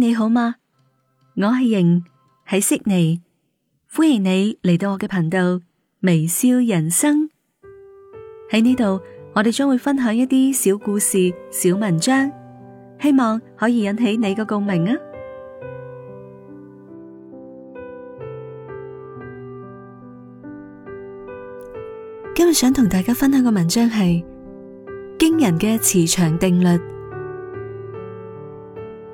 你好嗎？我係瑩，喺悉尼，歡迎你嚟到我嘅頻道微笑人生。喺呢度，我哋將會分享一啲小故事、小文章，希望可以引起你嘅共鳴啊。今日想同大家分享嘅文章係驚人嘅磁場定律。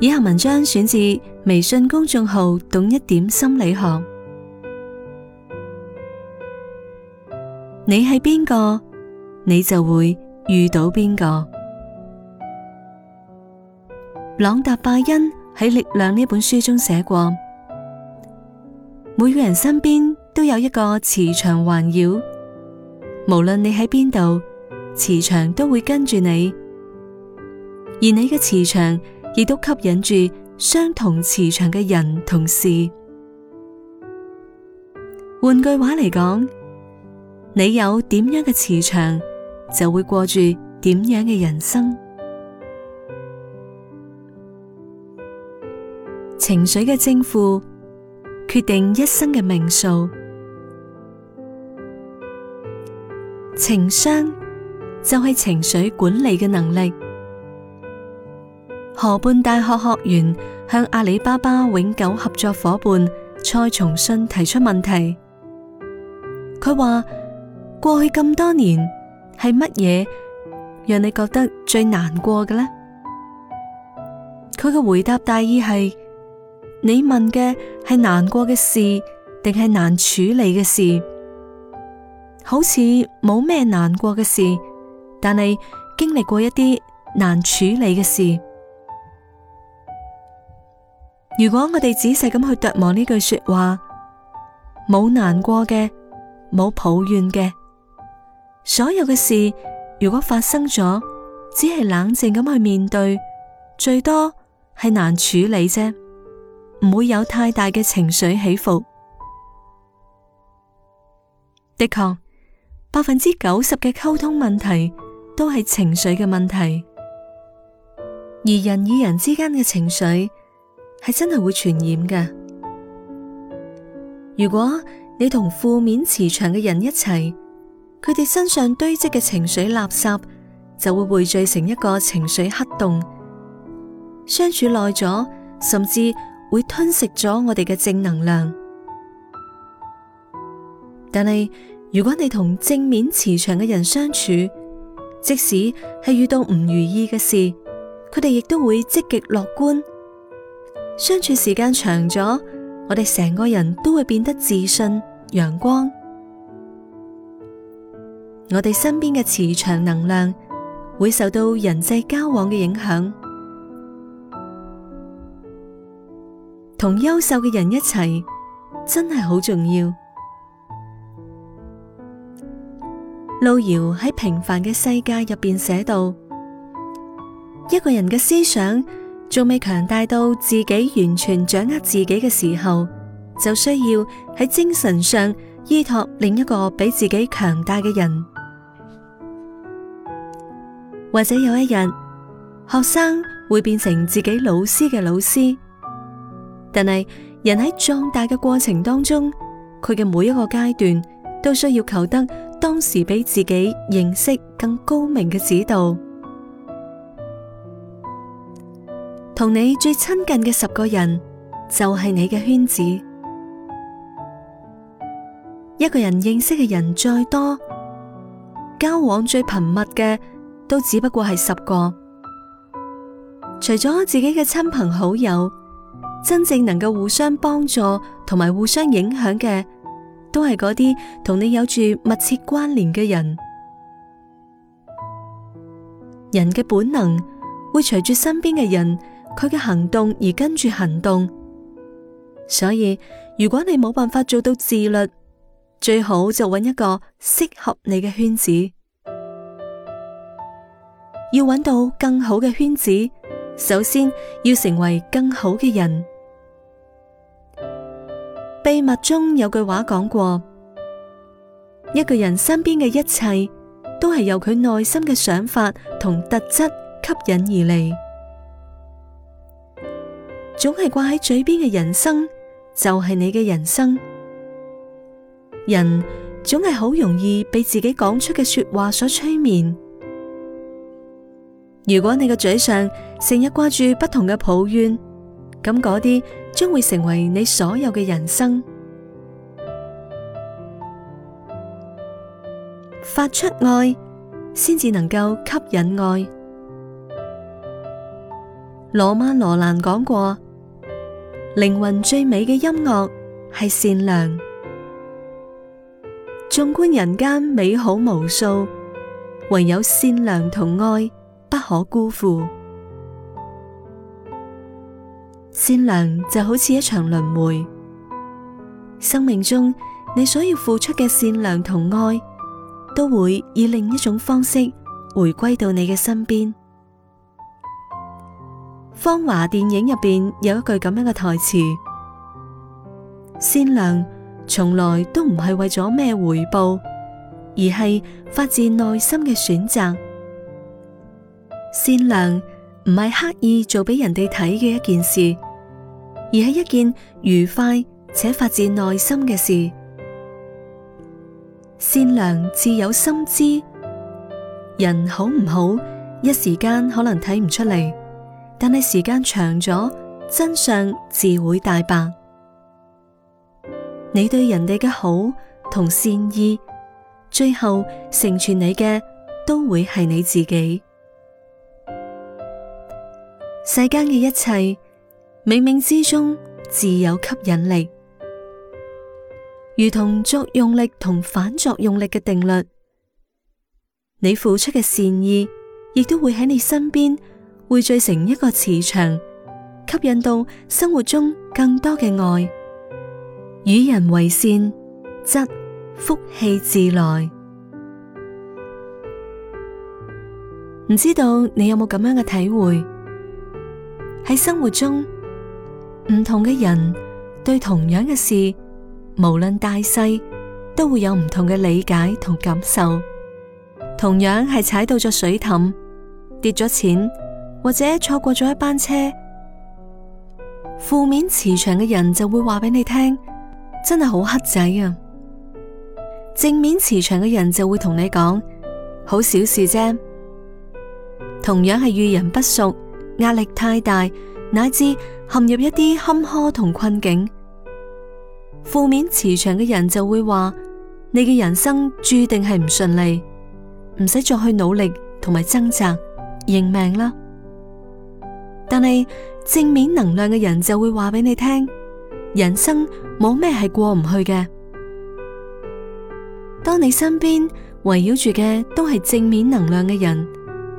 以下文章選自微信公眾號《懂一點心理學》。你係邊個，你就會遇到邊個。朗達·拜恩喺《力量》呢本書中寫過，每個人身邊都有一個磁場環繞，無論你喺邊度，磁場都會跟住你，而你嘅磁場，亦都吸引住相同磁場嘅人同事。換句話嚟講，你有點樣嘅磁場，就會過住點樣嘅人生。情緒嘅正負，決定一生嘅命數。情商就係情緒管理嘅能力。河畔大學學員向阿里巴巴永久合作夥伴蔡崇信提出問題，佢話過去咁多年係乜嘢讓你覺得最難過嘅呢？佢嘅回答大意係：你問嘅係難過嘅事，定係難處理嘅事？好似冇咩難過嘅事，但係經歷過一啲難處理嘅事。如果我哋仔細咁去琢磨呢句說話，冇難過嘅，冇抱怨嘅，所有嘅事如果發生咗，只係冷靜咁去面對，最多係難處理啫，唔會有太大嘅情緒起伏。的確，百分之九十嘅溝通問題都係情緒嘅問題，而人與人之間嘅情緒。係真係會傳染嘅。如果你同負面磁場嘅人一齊，佢哋身上堆積嘅情緒垃圾就會匯聚成一個情緒黑洞。相處耐咗，甚至會吞食咗我哋嘅正能量。但係如果你同正面磁場嘅人相處，即使係遇到唔如意嘅事，佢哋亦都會積極樂觀。相處時間長咗，我哋成個人都會變得自信、陽光。我哋身邊嘅磁場能量會受到人際交往嘅影響，同優秀嘅人一齊真係好重要。路遙喺平凡嘅世界入邊寫到：一個人嘅思想。仲未強大到自己完全掌握自己嘅時候，就需要喺精神上依託另一個比自己強大嘅人。或者有一日，學生會變成自己老師嘅老師。但係，人喺壯大嘅過程當中，佢嘅每一個階段都需要求得當時比自己認識更高明嘅指導。同你最親近嘅十個人就係你嘅圈子。一個人認識嘅人再多，交往最頻密嘅都只不過係十個。除咗自己嘅親朋好友，真正能夠互相幫助同埋互相影響嘅，都係嗰啲同你有住密切關聯嘅人。人嘅本能會隨住身邊嘅人。佢嘅行動而跟住行動，所以如果你冇辦法做到自律，最好就揾一個適合你嘅圈子。要揾到更好嘅圈子，首先要成為更好嘅人。秘密中有句話講過：一個人身邊嘅一切，都係由佢內心嘅想法同特質吸引而嚟。總係掛喺嘴邊嘅人生就係你嘅人生。人總係好容易被自己講出嘅說話所催眠。如果你嘅嘴上成日掛住不同嘅抱怨，咁嗰啲將會成為你所有嘅人生。發出愛先至能夠吸引愛。羅曼羅蘭講過。靈魂最美嘅音樂係善良。縱觀人間美好無數，唯有善良同愛不可辜負。善良就好似一場輪迴，生命中你所要付出嘅善良同愛，都會以另一種方式回歸到你嘅身邊。《芳華》電影入邊有一句咁樣嘅台詞：善良從來都唔係為咗咩回報，而係發自內心嘅選擇。善良唔係刻意做俾人哋睇嘅一件事，而係一件愉快且發自內心嘅事。善良自有心知，人好唔好，一時間可能睇唔出嚟。但係時間長咗，真相自會大白。你對人哋嘅好同善意，最後成全你嘅都會係你自己。世間嘅一切，冥冥之中自有吸引力，如同作用力同反作用力嘅定律。你付出嘅善意，亦都會喺你身邊。匯聚成一個磁場，吸引到生活中更多嘅愛。與人為善，則福氣自來。唔知道你有冇咁樣嘅體會？喺生活中，唔同嘅人對同樣嘅事，無論大細，都會有唔同嘅理解同感受。同樣係踩到咗水凼，跌咗錢。或者錯過咗一班車，負面磁場嘅人就會話俾你聽，真係好黑仔啊。正面磁場嘅人就會同你講，好小事啫。同樣係遇人不淑，壓力太大，乃至陷入一啲坎坷同困境，負面磁場嘅人就會話你嘅人生注定係唔順利，唔使再去努力同埋掙扎，認命啦。但係正面能量嘅人就會話俾你聽，人生冇咩係過唔去嘅。當你身邊圍繞住嘅都係正面能量嘅人，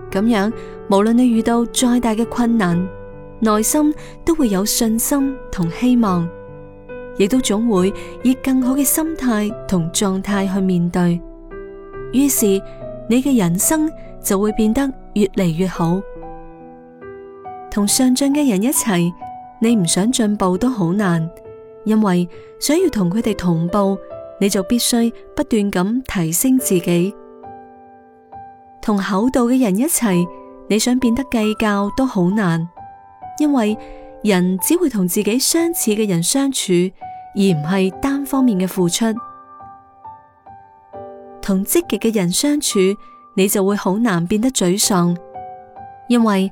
咁樣，無論你遇到再大嘅困難，內心都會有信心同希望，亦都總會以更好嘅心態同狀態去面對。於是，你嘅人生就會變得越嚟越好。同上進嘅人一齊，你唔想進步都好難，因為想要同佢哋同步，你就必須不斷咁提升自己。同厚道嘅人一齊，你想變得計較都好難，因為人只會同自己相似嘅人相處，而唔係單方面嘅付出。同積極嘅人相處，你就會好難變得沮喪，因為，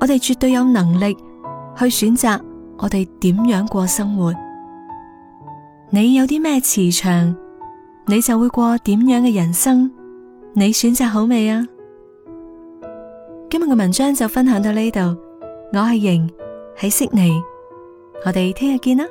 我哋絕對有能力去選擇我哋點樣過生活。你有啲咩磁場，你就會過點樣嘅人生。你選擇好未啊？今日嘅文章就分享到呢度，我係瑩喺悉尼，我哋聽日見啦。